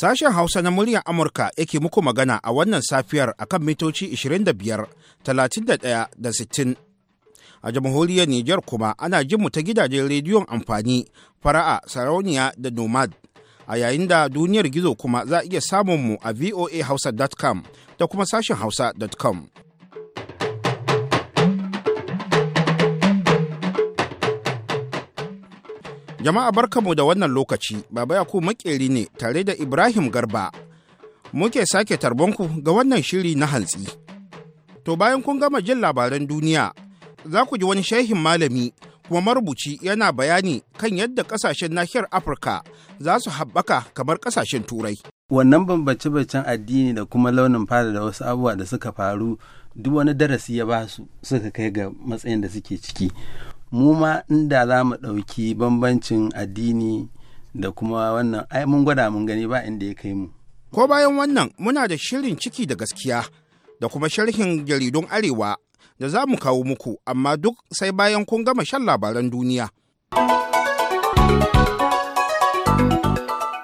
Sashen Hausa na muryar Amurka yake muku magana a wannan safiyar a kan mitoci 25, da 60. A jamhuriyar Nijar kuma ana jin mu ta gidajen rediyon amfani, fara'a, sarauniya da nomad. A yayin da duniyar gizo kuma za a iya samun mu a voahausa.com da kuma sashen hausa.com. Jama'a barkamu da wannan lokaci, Baba Yaku makeri ne tare da Ibrahim Garba. Muke sake tarbonku ga wannan shiri na hantsi. To bayan kun gama jin labaran duniya, za ku ji wani shehin malami kuma marubuci yana bayani kan yadda kasashen nahiyar Afirka za su haɓaka kamar kasashen Turai. Wannan bambance bancen addini da kuma launin fada da wasu abubuwa da suka faru duk wani darasi ya ba su suka kai ga matsayin da suke ciki. mu ma inda za mu ɗauki bambancin addini da kuma wannan ai mun gwada mun gani ba inda ya kai mu. Ko bayan wannan muna da shirin ciki da gaskiya da kuma sharhin jaridun arewa da za mu kawo muku amma duk sai bayan kun gama shan labaran duniya.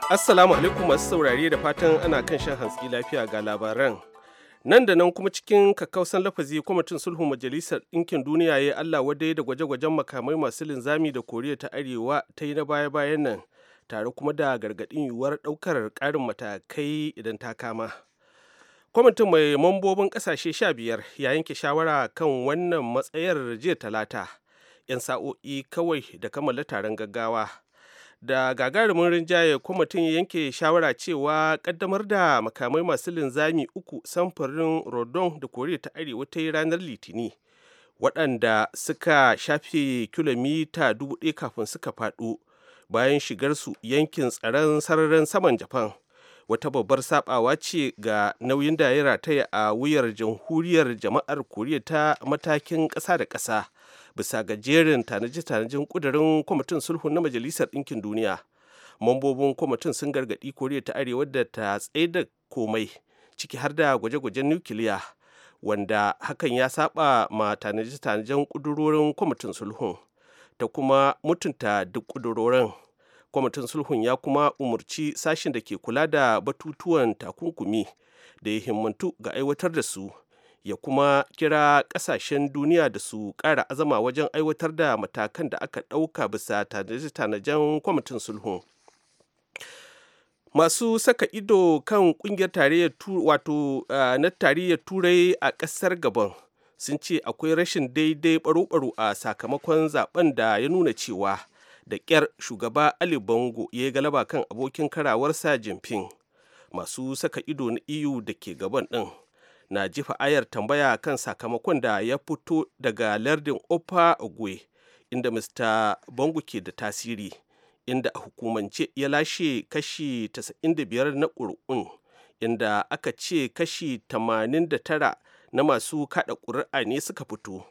Assalamu alaikum masu saurare da fatan ana kan shan hantsi lafiya ga labaran. nan da nan kuma cikin kakkausan lafazi kwamitin sulhun majalisar ɗinkin duniya ya allah wadai da gwaje-gwajen makamai masu linzami da koriya ta arewa ta yi na baya-bayan nan tare kuma da gargaɗin yiwuwar ɗaukar ƙarin matakai idan ta kama kwamitin mai mambobin ƙasashe sha biyar ya yanke shawara kan wannan matsayar jiya talata 'yan sa'o'i kawai da kammala taron gaggawa da gagarumin rinjaye kwamitin ya yanke shawara cewa kaddamar da makamai masu linzami uku samfurin rodon da koriya ta arewa ta yi ranar litini waɗanda suka shafe kilomita dubu ɗaya kafin suka faɗo bayan shigarsu yankin tsaron sararin saman japan wata babbar sabawa ce ga nauyin da ya rataya a wuyar jamhuriyar jama'ar koriya ta matakin ƙasa da ƙasa bisa ga jerin tanaje-tanajen kudurin kwamitin sulhu na majalisar ɗinkin duniya mambobin kwamitin sun gargaɗi koriya ta arewa da ta tsaida komai ciki har da gwaje-gwajen nukiliya wanda hakan ya saba ma tanaje-tanajen kudurorin kwamitin sulhun ta kuma mutunta duk kudurorin kwamitin sulhun ya kuma umarci sashen da ke kula da batutuwan takunkumi da ya himmantu ga aiwatar da su ya kuma kira kasashen duniya da su ƙara azama wajen aiwatar da matakan da aka ɗauka bisa tanajen kwamitin sulhu masu saka ido kan kungiyar tarayyar wato na tarayyar turai a ƙasar gabon sun ce akwai rashin daidai baro-baro a sakamakon zaben da ya nuna cewa da ƙyar shugaba ali bongo ya yi galaba kan abokin karawarsa jinping masu saka ido na iyu e da ke gaban ɗin na jifa ayar tambaya kan sakamakon da ya fito daga lardin opa ogwe inda mr bongo ke da tasiri inda a hukumance ya lashe kashi 95 na ƙuri'un inda aka ce kashi 89 na masu kada ƙuri'a ne suka fito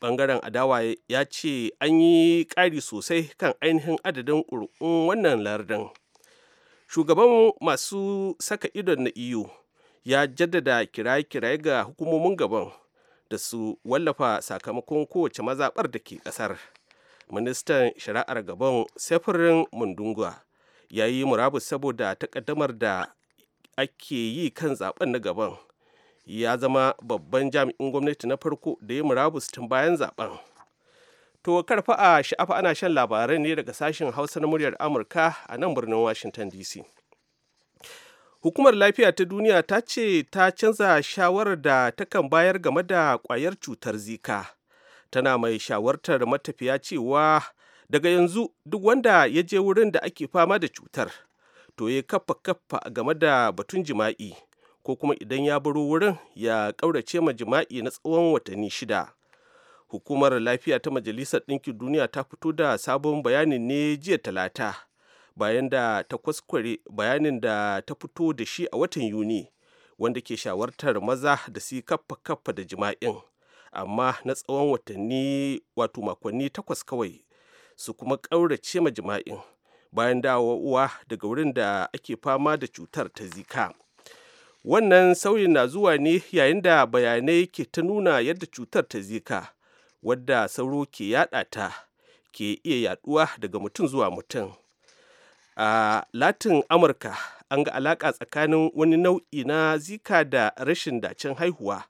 bangaren adawa ya ce an yi ƙari sosai kan ainihin adadin ƙuri'un wannan lardin shugaban masu saka idon na iyo e ya jaddada kiraye-kiraye ga hukumomin gaban da su wallafa sakamakon kowace mazaɓar da ke ƙasar ministan shari'ar gaban sefirin mundunga ya yi murabus saboda takaddamar da ake yi kan zaben na gaban ya zama babban jami'in gwamnati na farko da ya murabus tun bayan zaben to karfa a sha'afa ana shan labarai ne daga sashen hausa na muryar amurka a nan birnin washington dc hukumar lafiya ta duniya ta ce ta canza shawarar da takan bayar game da kwayar cutar zika tana mai shawartar matafiya cewa daga yanzu duk wanda ya je wurin da ake fama da cutar to ya kafa kafa game da batun jima'i ko kuma idan ya baro wurin ya ƙaurace ma jima'i na tsawon watanni shida hukumar lafiya ta majalisar ɗinkin duniya ta fito da sabon bayanin ne jiya talata bayan da ta kuskure bayanin da ta fito da shi a watan yuni wanda ke shawartar maza da su kaffa kaffa da jima'in amma na tsawon watanni wato makonni takwas kawai su kuma ƙaurace ma jima'in bayan uwa daga wurin da ake fama da cutar ta zika wannan sauyin na zuwa ne yayin da bayanai ke ta nuna yadda cutar ta zika wadda sauro ke yada ta ke iya yaɗuwa daga mutum zuwa mutum a latin amurka an ga alaka tsakanin wani nau'i na zika da rashin dacin haihuwa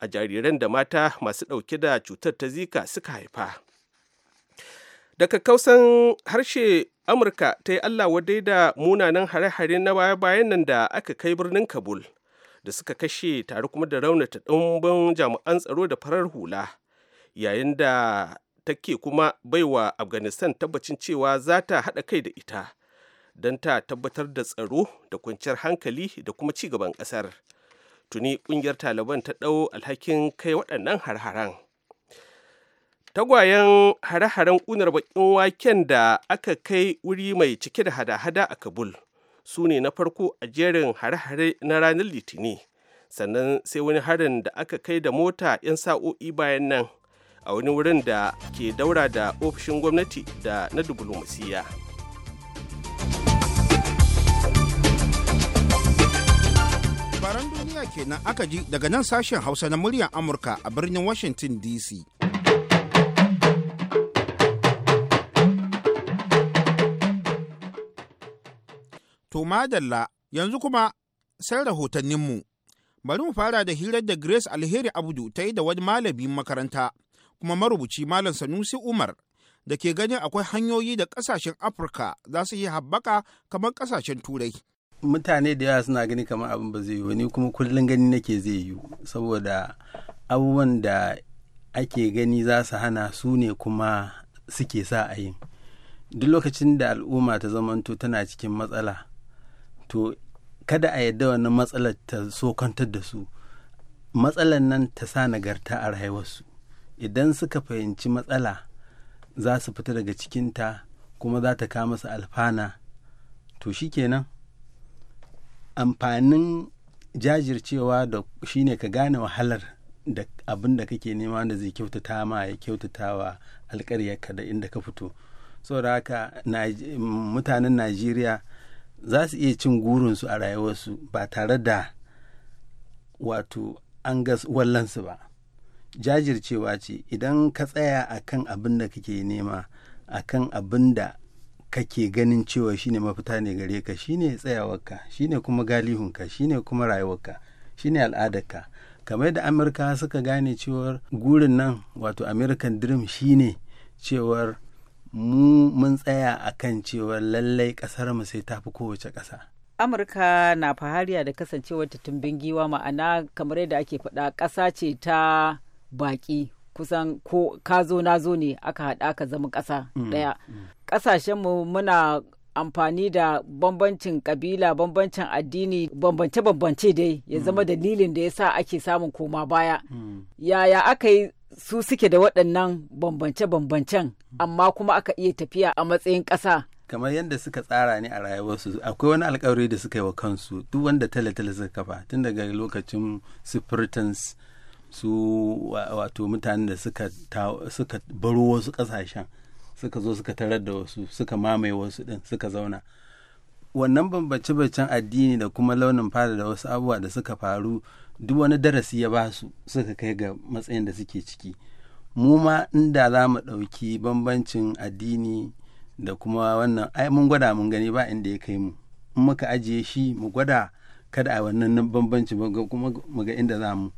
a jariran da mata masu ɗauke da cutar ta zika suka haifa daga kausan harshe amurka ta yi allah wadai da munanan hare-hare na baya-bayan nan da aka kai birnin kabul da suka kashe tare kuma da raunata ɗumbin jami'an tsaro da farar hula yayin da take kuma baiwa afghanistan tabbacin cewa za ta haɗa kai da ita don ta tabbatar da tsaro da kwanciyar hankali da kuma ci gaban ƙasar tuni ƙungiyar taliban ta ɗau alhakin kai waɗannan har tagwayen hare-haren ƙunar baƙin waken da aka kai wuri mai cike da hada-hada a kabul su ne na farko a jerin hare-hare na ranar litini sannan sai wani harin da aka kai da mota 'yan sa'o'i bayan nan a wani wurin da ke daura da ofishin gwamnati da na dubulmasiya. kenan aka ji daga nan sashen hausa na muryar amurka a birnin washington dc to madalla yanzu kuma sai rahotanninmu bari mu fara da hirar da grace alheri abudu ta yi da wani malamin makaranta kuma marubuci malam sanusi umar da ke ganin akwai hanyoyi da kasashen afirka za su yi haɓaka kamar ƙasashen turai mutane da yawa suna gani kamar abin ba zai yi ni kuma kullum gani nake zai yi saboda abubuwan da ake gani za su hana su ne kuma suke sa a yin duk lokacin da al'umma ta zamanto tana cikin matsala to kada a yadda wannan matsalar ta sokantar da su matsalar nan ta sa nagarta a rayuwarsu idan suka fahimci matsala za su fita daga cikinta kuma za ta kama su alfana to shi shikenan amfanin jajircewa da shi ne ka gane wahalar da abin da kake nema da zai kyautata ma ya kyautata wa alkaryarka da inda ka fito saboda haka mutanen najeriya za su iya cin gurinsu a rayuwarsu ba tare da wato an ga wallansu ba jajircewa ce idan ka tsaya a kan abin da kake nema akan kan abin da kake ganin cewa shine mafita ne gare ka shine tsayawarka shine kuma galihunka shine kuma rayuwarka shine al'adarka kamar da amurka suka gane cewar gurin nan wato american dream shine cewar mu mun tsaya akan cewar lallai kasar mu sai tafi kowace kasa. amurka na fahariya da kasancewar ta tumbin giwa ma'ana kamar yadda ake faɗa ƙasa ce ta baƙi kusan ko ka zo na zo ne aka haɗa ka zama ƙasa mm, ɗaya mm. ƙasashenmu muna amfani da bambancin kabila bambancin addini bambance-bambance dai ya zama mm. dalilin da ya sa ake samun koma baya yaya aka yi su suke da waɗannan bambance-bambancen amma kuma aka iya tafiya a matsayin ƙasa kamar yadda suka tsara ne a rayuwarsu akwai wani alkawari da suka yi wa kansu duk wanda tale suka kafa tun daga lokacin sufurtans su wato mutanen da suka baro wasu kasashen suka zo suka tarar da wasu suka mamaye wasu din suka zauna wannan bambance baccen addini da kuma launin fata da wasu abubuwa da suka faru duk wani darasi ya basu su suka kai ga matsayin da suke ciki mu ma inda za mu ɗauki bambancin addini da kuma wannan ai mun gwada mun gani ba inda ya kai mu in muka ajiye shi mu gwada kada a wannan bambanci kuma mu ga inda za mu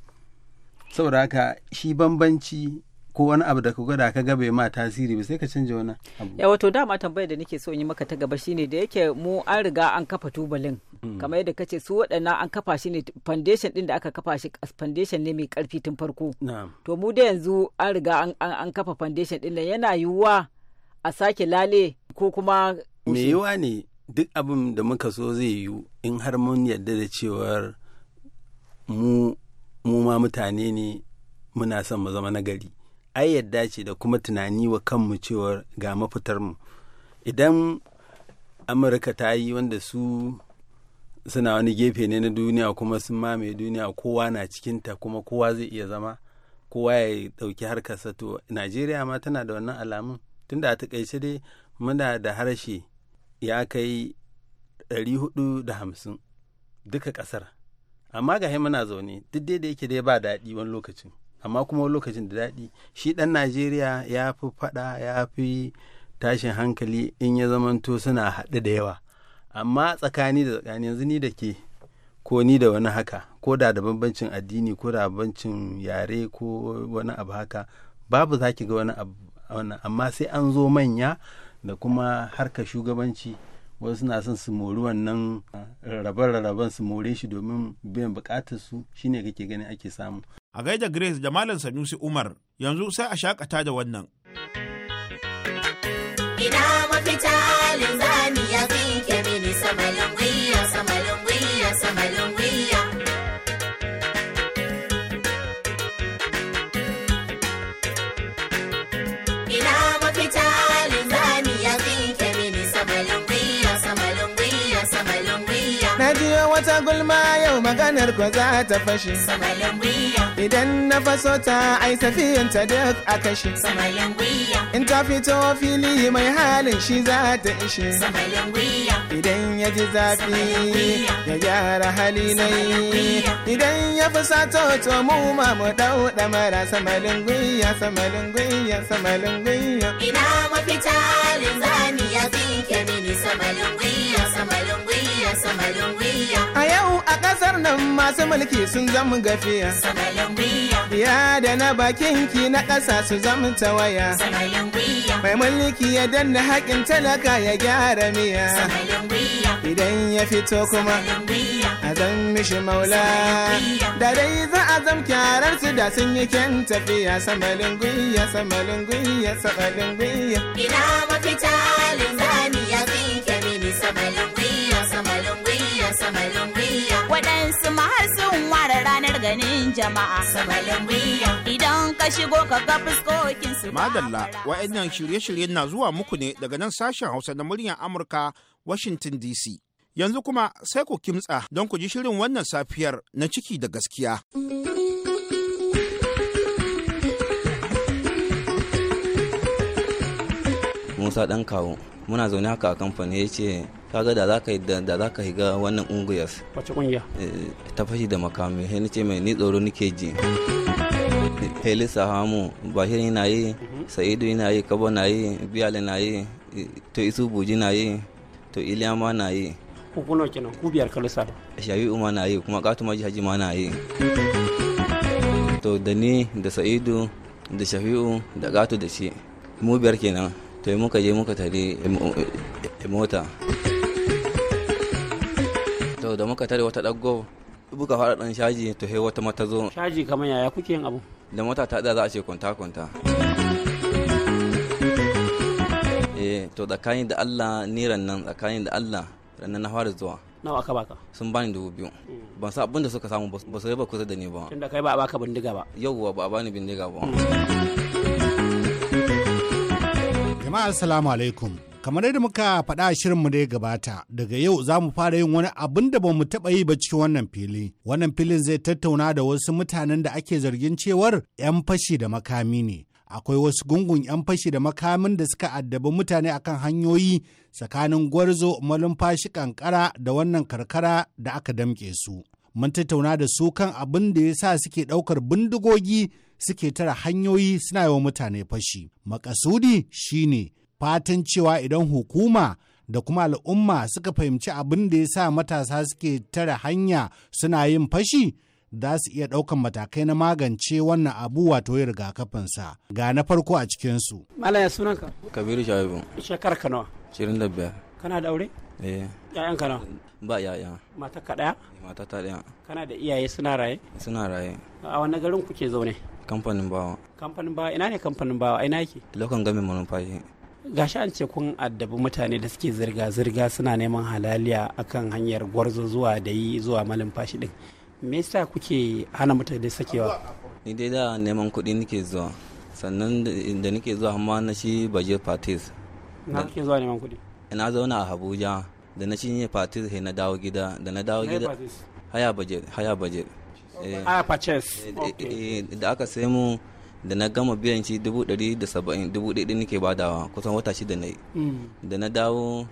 saboda haka shi bambanci ko wani abu da ka gwada ka gabe ma tasiri ba sai ka canja wani abu ya wato dama tambayar da nake so in yi maka ta gaba shine da yake mu an riga an kafa tubalin hmm. kamar yadda kace su waɗannan an kafa shi ne foundation din da aka kafa shi foundation ne mai karfi tun farko to mu da yanzu an riga an kafa foundation din nan yana yiwuwa a sake lale ko kuma me yiwuwa ne duk abin da muka so zai yiwu in har mun yarda da cewar mu mu ma mutane ne muna son mu zama nagari ai yadda ce da kuma tunani wa kanmu cewa ga mafitar mu idan amurka ta yi wanda su suna wani gefe ne na duniya kuma sun mamaye duniya kowa na cikinta kuma kowa zai iya zama kowa ya ɗauki harkarsa to najeriya ma tana da wannan alamun tunda a kaice dai muna da harshe ya kai 450 duka ƙasar amma ga muna zaune duk dai da yake dai ba daɗi wani lokacin amma kuma wani lokacin da daɗi shi ɗan najeriya ya fi faɗa ya fi tashin hankali in ya zamanto suna haɗu da yawa amma tsakani da tsakani yanzu ni da ke ko ni da wani haka ko da da bambancin addini ko da bambancin yare ko wani abu haka babu za ga wani abu amma sai an zo manya da kuma harkar shugabanci wasu na son su mori wannan rarraben su more shi domin biyan bukatar su shine kake ganin ake samu a gaida grace da malam sanusi umar yanzu sai a shakata da wannan ina mafita wutar ko za ta fashe idan na faso ta ai safiyan ta duk a kashe in ta fito fili mai halin shi za ta ishe idan ya ji zafi ya gyara hali nai idan ya fusato to mu ma mu dau mara samalin gwiya samalin gwiya samalin gwiya ina mafita linzani ya fi mini samalin gwiya samalin gwiya samalin gwiya a ƙasar nan masu mulki sun zama gafiya biya da na bakin ki na ƙasa su zama tawaya mai mulki ya danna haƙin talaka ya gyara miya idan ya fito kuma a zan mishi maula da dai za a zam kyarar su da sun yi kyan tafiya samalin gwiya samalin gwiya samalin gwiya ina mafita linzami ya tsinke kyamini samalin gwiya ganin jama'a. Idan ka shigo ka ga fuskokin su. Madalla, wa'annan shirye-shiryen na zuwa muku ne daga nan sashen Hausa na muryar Amurka, Washington DC. Yanzu kuma sai ku kimtsa don ku ji shirin wannan safiyar na ciki da gaskiya. musa dan kawo muna zaune haka a kamfani ya ce kaga da za ka yi da za ka higa wannan ungiyar wace kungiya eh, ta fashi da makami sai ce mai ni tsoro nike ji heli sahamu bahir yana yi mhm. sa'idu yana yi kabo na yi biyale na yi to isu buji na yi to iliyama na yi kukuno kenan ku biyar kalisa shayi ma na yi kuma katuma haji ma na yi to da ni da sa'idu da shafi'u da gato da shi mu biyar kenan to muka je muka tare eh, eh, mota to da muka tare wata ɗago buga fara ɗan shaji to he wata mata zo shaji kamar yaya kuke yin abu da mota ta da za a ce kwanta kwanta eh to tsakanin da Allah niran nan tsakanin da Allah ranar na fara zuwa nawa aka baka sun bani dubu biyu hmm. ban sa abin da suka samu ba su ba kusa da ni ba tunda kai ba a baka bindiga ba yau ba a bani bindiga ba hmm. Jama'a Assalamu alaikum. Kamar yadda muka faɗa a shirinmu da ya gabata, daga yau za mu fara yin wani abin da ba mu taɓa yi ba cikin wannan fili. Wannan filin zai tattauna da wasu mutanen da ake zargin cewar 'yan fashi da makami ne. Akwai wasu gungun 'yan fashi da makamin da suka addabi mutane akan hanyoyi tsakanin gwarzo malumfashi kankara da wannan karkara da aka damke su. Mun tattauna da su kan abin da ya sa suke ɗaukar bindigogi suke tara hanyoyi suna yi wa mutane fashi. Makasudi shine fatan cewa idan hukuma da kuma al'umma suka fahimci abin da ya sa matasa suke tara hanya suna yin fashi za su iya ɗaukan matakai na magance wannan abu wato ya rigakafinsa ga na farko a cikinsu. Malaya sunanka? Kabiru Shabibu. Shekar ka nawa? Shirin da biyar. Kana da aure? Eh. Ya'yan ka nawa? Ba ya'ya. Mata ka ɗaya? Mata ta ɗaya. Kana da iyaye suna raye? Suna raye. A wani garin kuke zaune? kamfanin bawa kamfanin bawa ina ne kamfanin bawa ina yake lokan gami manumfashi gashi an ce kun addabi mutane da suke zirga-zirga suna neman halaliya akan hanyar gwarzo zuwa da yi zuwa malumfashi din me yasa kuke hana mutane sakewa ni dai da neman kuɗi nake zuwa sannan da nake zuwa amma na shi baje fatis na kake zuwa neman kuɗi ina zauna a abuja da na shi ne fatis sai na dawo gida da na dawo gida haya baje haya baje Eh, a ah, purchase eh, eh, da aka sai mu da na gama biyan shi dubu ɗari da saba'in dubu ɗaya nake badawa kusan wata shida na yi hmm. da na dawo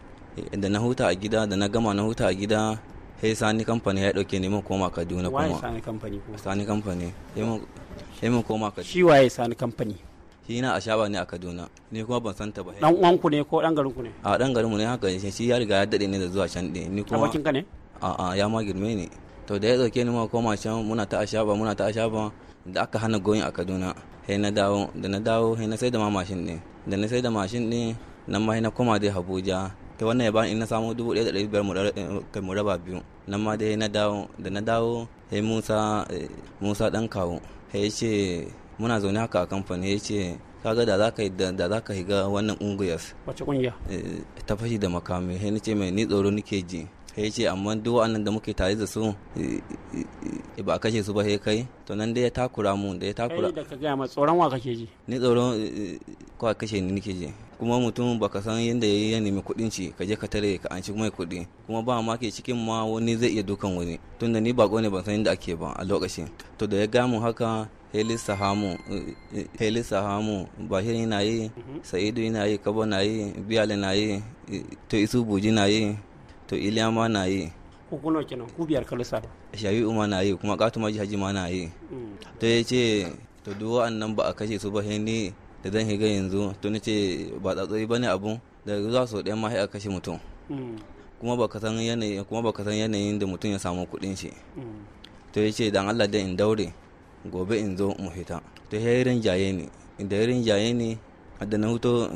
da na huta a gida da na gama na huta a gida sai sani kamfani ya ɗauke neman koma kaduna kuma waye sani kamfani ko sani kamfani sai mun koma kaduna shi waye sani kamfani shi na a shaba ne a kaduna ni kuma ban santa ba dan uwan ku ne ko dan garin ku ne a dan garin mu ne haka shi ya riga ya daɗe ne da zuwa can ɗin ni kuma abokin ka ne A'a a ya ma girme ne to da ya dauke ni ma koma can muna ta ashaba muna ta ashaba da aka hana goyin a kaduna sai na dawo da na dawo sai na sai da ma mashin ne da na sai da mashin ne nan ma na koma dai abuja ta wannan ya bani in na samu dubu ɗaya da ɗari biyar mu raba eh, biyu nan ma dai na dawo da na dawo sai musa eh, musa Dan kawo sai ya ce muna zaune haka a kamfani ya ce kaga da za ka da za ka ga wannan ungiyar wace kungiya eh, ta fashi da makami sai ce mai ni tsoro nike ji ya ce amma duk wa'annan da muke tare da su eh, ba a kashe su ba sai kai to nan dai ya takura mu da ya takura kai da ka gaya ma tsoron wa kake ji ni tsoron eh, ko kashe ni nake ji kuma mutum ba ka san yadda ya yi ya nemi kuɗin ci ka je ka tare ka an ci mai kuɗi kuma ba ma ke cikin ma wani zai iya dukan wani tunda ni ba ne ban san yadda ake ba a lokacin to da ya mu haka heli sahamu eh, heli sahamu bahir yana yi mhm. sa'idu yana yi kabo na yi biyale na yi to isu buji na yi to iliya ma na yi uku kenan ku biyar kalu sa Shayi ma na yi kuma katu ma jihaji ma na yi mm. to ya ce to duk wa'annan ba a kashe su ba ne da zan higa yanzu to ni ce ba tsatsori ba ne abun da zuwa sau ɗaya ma a kashe mutum mm. kuma ba ka san yanayin kuma ba ka san yanayin da mutum ya samu kuɗin shi mm. to ya ce dan Allah da in daure gobe in zo mu fita to ya yi rinjaye ne da ya rinjaye ne da na hutu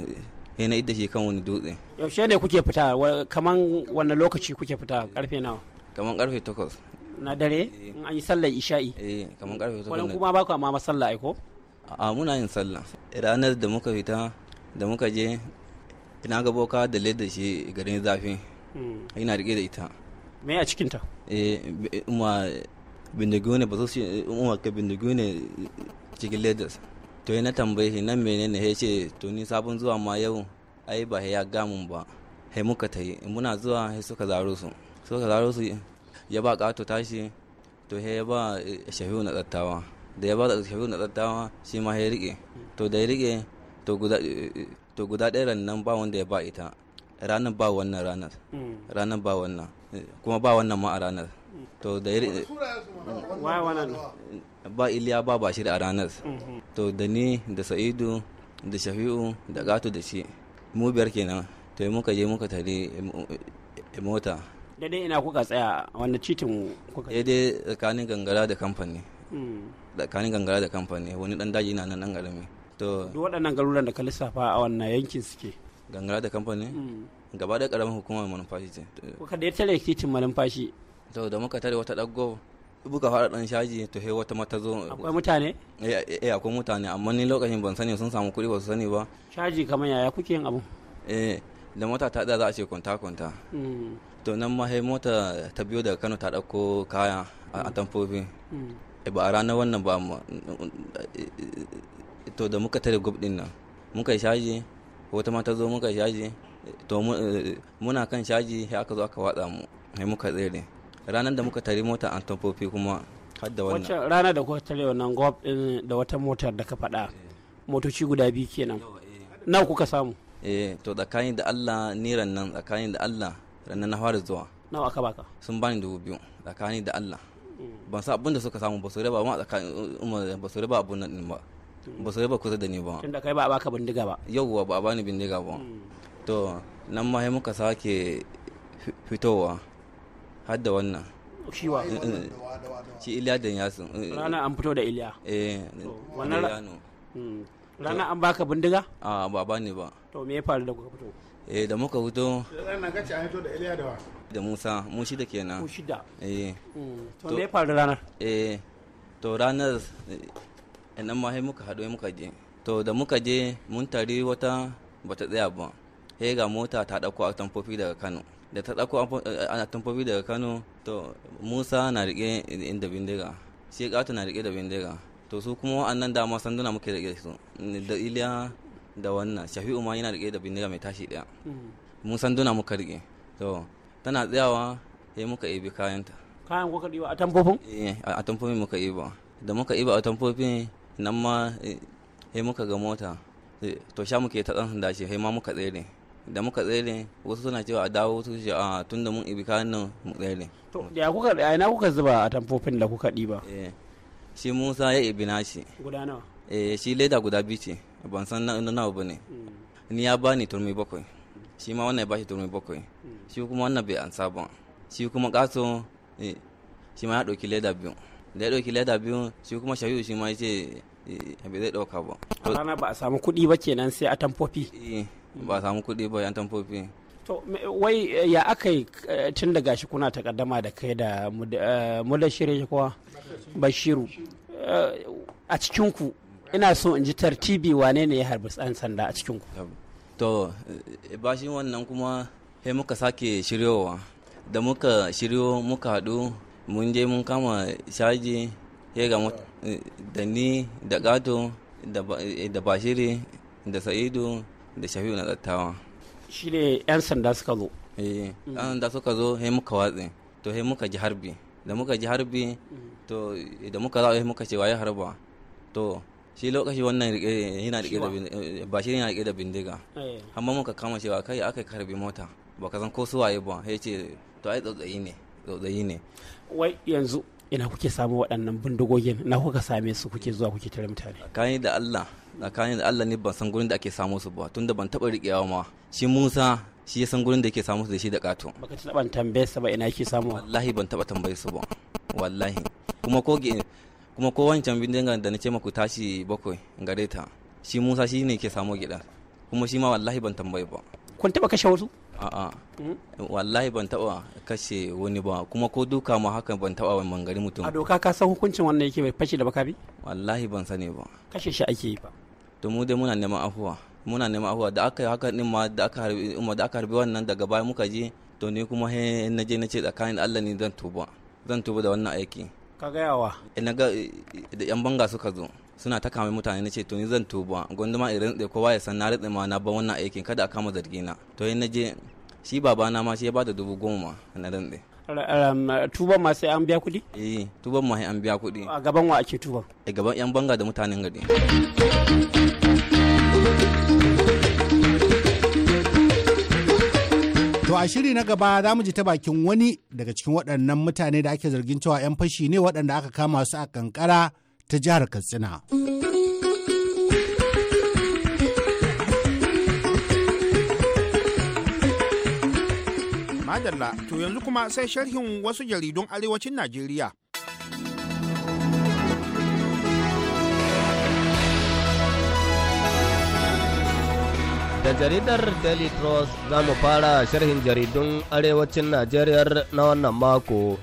na idda shi kan wani dutse yaushe ne kuke fita kaman wannan lokaci kuke fita karfe nawa kaman karfe takwas na dare eh. in an yi sallar isha'i eh kaman karfe takwas wani kuma baku amma masalla aiko. A'a a muna yin sallah ranar da muka fita da muka je ina ga boka da ledda shi garin zafi hmm. ina rike da ita me a cikin ta eh ma bindigune ba su umar ka bindigune cikin ledas to na tambaye shi nan menene ya ce to ni sabon zuwa ma yau ai ba ya gamun ba he muka ta yi muna zuwa he suka zaro su suka zaro su ya ba kato tashi to he ya ba shafiu na tsattawa da ya ba da shafiu na tsattawa shi ma ya rike to da ya rike to guda ɗaya nan ba wanda ya ba ita ranar ba wannan ranar hmm. ranar ba wannan kuma ba wannan ma a ranar to da ya rike ba iliya ba bashir a ranar mhm. to da ni da sa'idu da shafi'u da gato da shi mu biyar kenan to muka je muka tare eh, mota daidai ina kuka tsaya wanda citin kuka daidai tsakanin gangara da kamfani mm. tsakanin gangara da kamfani wani dan daji na nan garami to duk waɗannan garuruwan da ka lissafa a wannan yankin suke gangara da kamfani mm. gaba da karamin hukumar manumfashi ce kuka da ya tare titin manumfashi to da muka tare wata ɗaggo buka fara dan shaji to he wata mata zo akwai mutane eh, eh, eh akwai mutane amma ni lokacin ban sani sun samu kuɗi ba su sani ba shaji kamar yaya kuke yin abu eh da mota ta za a ce kwanta kwanta hmm. to nan ma he mota ta biyo daga Kano ta dauko kaya a tamfofi hmm. eh, ba a ranar wannan ba to da muka tare gub din nan muka yi shaji wata mata zo muka yi shaji to muna kan shaji he aka zo aka watsa mu he muka tsere ranar da muka tare mota an tamfofi kuma har da wannan wacce rana da kuka tare wannan gob din da wata motar da ka faɗa eh. motoci guda biyu kenan eh. nawa kuka samu eh to tsakanin da Allah ni nan tsakanin da Allah rannan na fara zuwa nawa aka baka sun bani dubu biyu tsakanin da Allah mm. ban sa abin da suka samu ba su raba ma tsakanin um, um, ba su raba abun nan ba mm. ba su raba kusa da ni ba tunda kai ba a baka bindiga ba yauwa ba a bani bindiga ba mm. to nan ma muka sake fitowa har da wannan shiwa mm, mm. shi iliya da yasin mm, rana an fito da iliya eh wannan rana an baka bindiga a ba ba ne ba to me ya faru da kuka fito eh da muka fito ga ci an fito da iliya da wa da musa mu shida kenan mu shida eh to me ya faru rana eh to ranar eh, nan ma sai muka haɗu muka je to da muka je mun tare wata bata tsaya ba sai ga mota ta ɗauko a tamfofi daga kano da ta ɗauko eh, eh, a tamfofi daga kano to musa na riƙe da bindiga shi ƙato na riƙe da bindiga to su kuma wa'annan dama sanduna muke riƙe su da iliya da wannan shafi'u ma yana riƙe da bindiga mai tashi ɗaya mm. mun sanduna muka riƙe to tana tsayawa sai muka ibi kayanta kayan kuka ɗiba a tamfofin eh, a tamfofin muka iba da muka iba a tamfofin nan ma sai muka ga mota to sha muke ta ɗan sanda shi sai ma muka tsere da muka tsere wasu suna cewa a dawo su shi a tun da mun ibi kanin nan mu tsere. to ya kuka a ina kuka zuba a tamfofin da kuka diba. Eh, shi musa ya ibi nashi. guda nawa. eh shi leda guda biyu ce ban san na nawa ba ne. Hmm. ni ya bani turmi bakwai shi ma wannan ya bashi turmi bakwai hmm. shi kuma wannan bai ansa ba shi kuma kaso eh, shi ma ya ɗauki leda biyu da ya ɗauki leda biyu shi kuma shayu shi ma ya ce eh, bai zai ɗauka ba. a rana ba a samu kuɗi ba kenan sai a tamfofi. ba samu kuɗi ba yan tamfofi to wai eh, ya aka yi eh, tun da gashi kuna takaddama da kai da eh, mudashire kuwa bashiru a cikinku ina so in ji tartibi wane ne ya harbi tsan sanda a cikinku to bashin wannan kuma sai muka sake shiryowa da muka shiryo muka haɗu mun je mun kama shaji sai ga da ni da gato da bashiri da sa'idu da shafi'u na dattawa shi ne 'yan sanda suka zo eh mm. yan sanda suka zo sai muka watse to sai muka ji harbi da muka ji harbi to da muka zaɓa muka ce waye harba to shi lokaci wannan yana rike da ba shi yana rike da bindiga eh. amma muka kama cewa kai aka karbi mota ba ka san ko su waye ba sai ce to ai tsotsayi ne tsotsayi ne wai yanzu ina kuke samu waɗannan bindigogin na kuka same su kuke zuwa kuke tare mutane kai da Allah tsakanin da Allah ne ban san gurin da ake samu su ba tunda ban taba riƙewa ma shi Musa shi ya san gurin da yake samu su da shi da kato baka ban tambaye sa ba ina yake samu wallahi ban taba tambaye su ba wallahi kuma ko kuma ko wancan bindigan da na ce maku tashi bakwai gare ta shi Musa shi ne ke samu gida kuma shi ma wallahi ban tambaye ba kun taba kashe wasu a'a hmm? wallahi ban taba kashe wani ba kuma ko duka ma haka ban taba ban mangari mutum a doka ka san hukuncin wannan yake mai fashi da bi wallahi ban sani ba kashe shi ake yi ba to mu dai muna neman afuwa muna neman afuwa da aka haka din ma da aka harbi umma da aka harbi wannan daga baya muka je to ni kuma he na je na ce tsakanin Allah ne zan tuba zan tuba da wannan aiki ka eh, ga yawa ina ga da yan banga suka zo suna ta kama mutane na ce to ni zan tuba gwanduma irin da kowa ya san na rinde ma na ban wannan aikin kada a kama zargina to na je shi na ma shi ya bada dubu goma na rinde tuban ma sai an biya kuɗi? eh tuban ma sai an biya kuɗi a gaban wa ake tuban a eh, gaban yan banga da mutanen gari To a shiri na gaba za mu ji ta bakin wani daga cikin waɗannan mutane da ake zargin cewa 'yan fashi ne waɗanda aka kama su a kankara ta jihar Katsina. Madalla, to yanzu kuma sai sharhin wasu jaridun arewacin Najeriya. Da jaridar Daily Trust za mu fara sharhin jaridun arewacin Najeriya na wannan mako.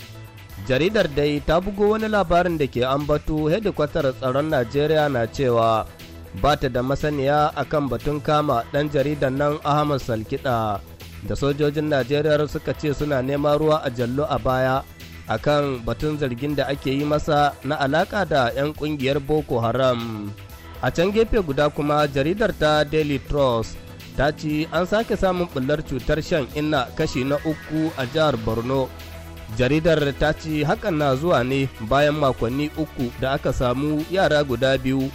Jaridar dai ta bugo wani labarin da ke ambatu hedikwatar tsaron Najeriya na cewa ba ta da masaniya akan batun kama ɗan jaridar nan Ahmad Salkida da sojojin Najeriya suka ce suna neman ruwa a jallo a baya akan batun zargin da ake yi masa na alaka da 'yan kungiyar Boko Haram. A can gefe guda kuma jaridar ta Daily Trust ta ce an sake samun bullar cutar shan inna kashi na uku a jihar borno jaridar ta ce hakan na zuwa ne bayan makonni uku da aka samu yara guda biyu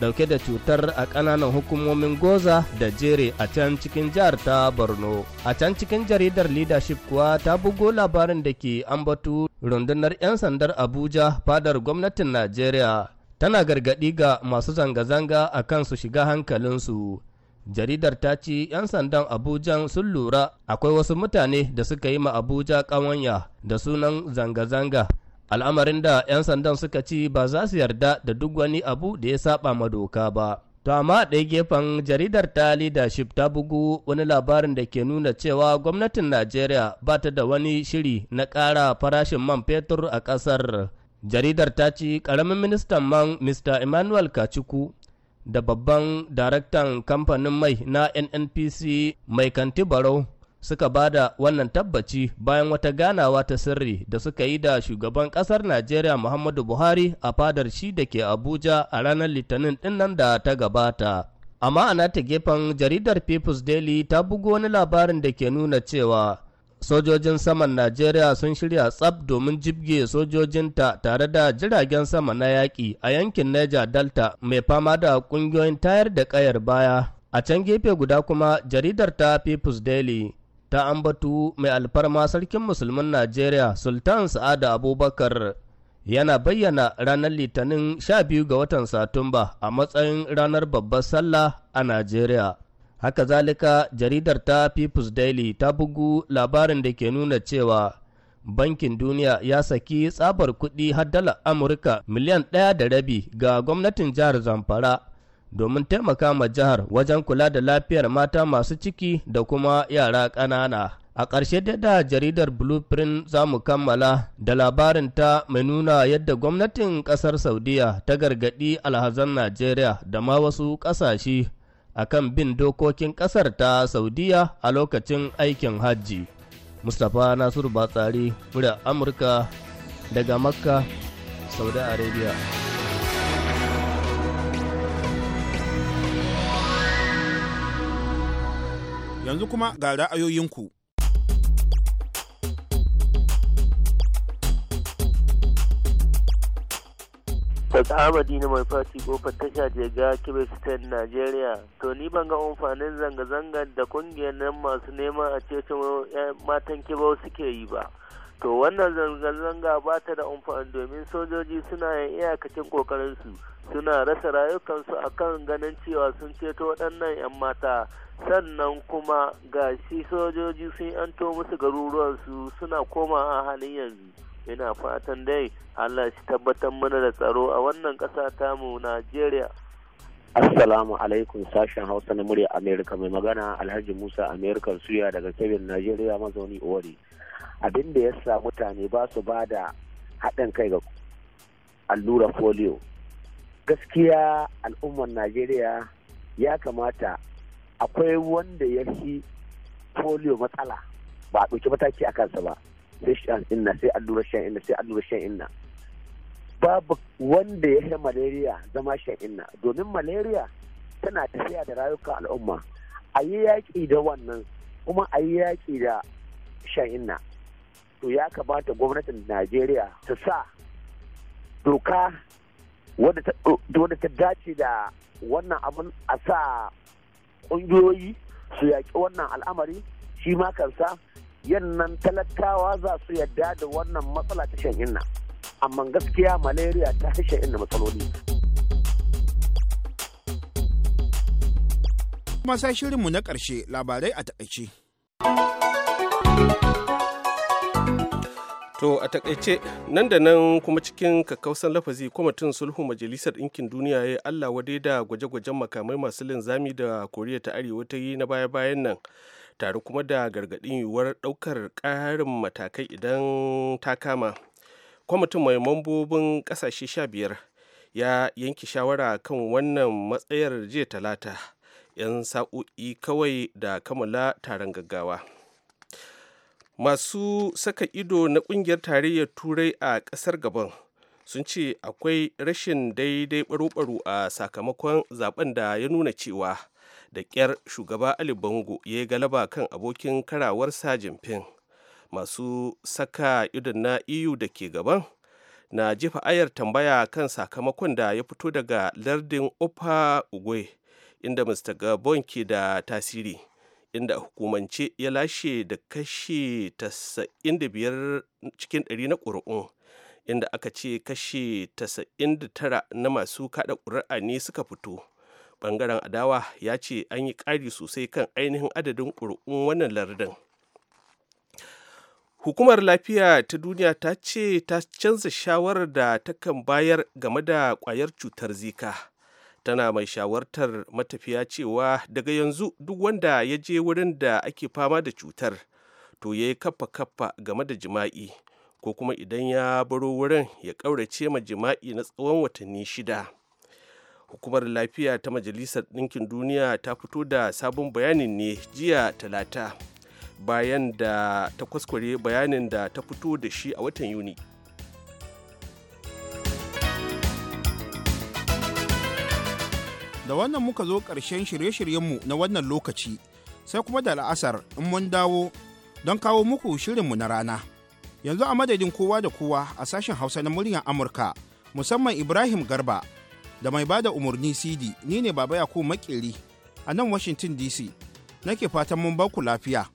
dauke da cutar a kananan hukumomin goza da jere a can cikin jihar ta borno a can cikin jaridar leadership kuwa ta bugo labarin da ke ambatu rundunar 'yan sandar abuja fadar gwamnatin najeriya tana gargadi ga masu zanga-zanga a kan su shiga hankalinsu jaridar ta ci 'yan sandan abuja sun lura akwai wasu mutane da suka yi ma abuja kawanya da sunan zanga-zanga al'amarin da 'yan sandan suka ci ba za su yarda da duk wani abu da ya saba ma doka ba to amma ɗaya gefen jaridar ta leadership ta bugu wani labarin da ke nuna cewa gwamnatin najeriya ba ta da wani shiri na ƙara farashin man fetur a ƙasar jaridar ta ci ƙaramin ministan man mr emmanuel kachuku da babban daraktan kamfanin mai na nnpc mai kanti barau suka ba da wannan tabbaci bayan wata ganawa ta sirri da suka yi da shugaban kasar najeriya muhammadu buhari a fadar shi da ke abuja a ranar litinin dinnan da ta gabata amma ana ta gefen jaridar people's daily ta bugo wani labarin da ke nuna cewa sojojin saman Najeriya sun shirya tsab domin jibge sojojinta tare da jiragen sama na yaƙi a yankin Niger Delta mai fama da ƙungiyoyin tayar da ƙayar baya. A can gefe guda kuma jaridar ta People's Daily ta ambatu mai alfarma sarkin musulmin Najeriya Sultan Sa'ada Abubakar yana bayyana ranar Litinin 12 ga watan Satumba a matsayin ranar babbar sallah a Najeriya. Haka zalika jaridar ta People's Daily ta bugu labarin da ke nuna cewa Bankin Duniya ya saki tsabar kuɗi har dala Amurka miliyan ɗaya da rabi ga gwamnatin jihar Zamfara domin taimaka ma jihar wajen kula da lafiyar mata masu ciki da kuma yara ƙanana. A ƙarshe da da jaridar Blueprint za mu kammala da labarin ta mai nuna yadda gwamnatin ƙasar Saudiya ta gargaɗi alhazan Najeriya da ma wasu ƙasashe akan bin dokokin ƙasar ta Saudiya a lokacin aikin hajji. Mustapha Nasiru Batsari, murya Amurka daga Makka, Saudi Arabia. Yanzu kuma ga ra'ayoyinku. daga amadi na mai fati kofar tasha je ga Kibistan nigeria to ni ban ga amfanin zanga-zangar da kungiyar nan masu neman a ceto matan kibau suke yi ba to wannan zanga-zanga ba ta da amfani domin sojoji suna yin iyakacin kokarinsu suna rasa rayukansu a kan ganin cewa sun ceto waɗannan 'yan mata sannan kuma ga shi sojoji sun yanto musu garuruwansu suna koma a halin yanzu ina fatan dai Allah shi tabbatar mana da tsaro a wannan ƙasa tamu Najeriya. Assalamu alaikum sashen Hausa na murya Amerika mai magana Alhaji Musa Amerika suya daga Kebin Najeriya mazauni Owari. Abin da ya sa mutane ba su ba da haɗin kai ga allura folio. Gaskiya al'ummar Najeriya ya kamata akwai wanda ya fi folio matsala ba a ɗauki mataki a kansa ba. sai shan inna sai allurar shan inna sai allurar shan inna babu wanda ya yi malaria zama shan inna domin malaria tana tafiya da rayuka al'umma a yi yaƙi da wannan kuma a yi yaƙi da shan inna to ya kamata gwamnatin najeriya ta sa doka wadda ta dace da wannan abin a sa ƙungiyoyi su yaƙi wannan al'amari shi ma kansa yannan talakawa za su yadda da wannan matsala ta shan inna amma gaskiya malaria ta shan inna matsaloli kuma sai shirinmu na ƙarshe labarai a takaice To a takaice nan da nan kuma cikin kakkausan lafazi kwamitin sulhu majalisar ɗinkin duniya ya Allah wadai da gwaje-gwajen makamai masu linzami da koriya ta arewa ta yi na baya-bayan nan tare kuma da gargaɗin yiwuwar ɗaukar ƙarin matakai idan ta kama kwamitin mai mambobin ƙasashe sha biyar ya yanke shawara kan wannan matsayar jiya talata 'yan sa'o'i kawai da kamala taron gaggawa masu saka ido na ƙungiyar tarayyar turai a ƙasar gabon sun ce akwai rashin daidai baro-baro a sakamakon zaben da ya nuna cewa da ƙyar shugaba ali bongo ya yi galaba kan abokin karawarsa jinfin masu saka idon na eu da ke gaban na jefa ayar tambaya kan sakamakon da ya fito daga lardin opa ugwe inda mr gabon ke da tasiri inda hukumance ya lashe da kashi 95 cikin 100 na ƙuri'un inda aka ce kashi 99 na masu kada ƙuri'a ne suka fito bangaren adawa ya ce an yi ƙari sosai kan ainihin adadin ƙuri'un wannan lardin hukumar lafiya ta duniya ta ce ta canza shawarar da ta kan bayar game da ƙwayar cutar zika tana mai shawartar matafiya cewa daga yanzu duk wanda ya je wurin da ake fama da cutar to ya yi kafa kafa game da jima'i ko kuma idan ya baro wurin ya ƙaurace ma jima'i na tsawon watanni shida hukumar lafiya ta majalisar ɗinkin duniya ta fito da sabon bayanin ne jiya talata bayan da ta kwaskware bayanin da ta fito da shi a watan yuni da wannan muka zo ƙarshen shirye-shiryenmu na wannan lokaci sai kuma da la'asar in mun dawo don kawo muku shirinmu na rana yanzu a madadin kowa da kowa a sashen hausa na muryar amurka musamman ibrahim garba da mai bada umarni cd ni ne baba ku makeri a nan washington dc nake fatan mun ku lafiya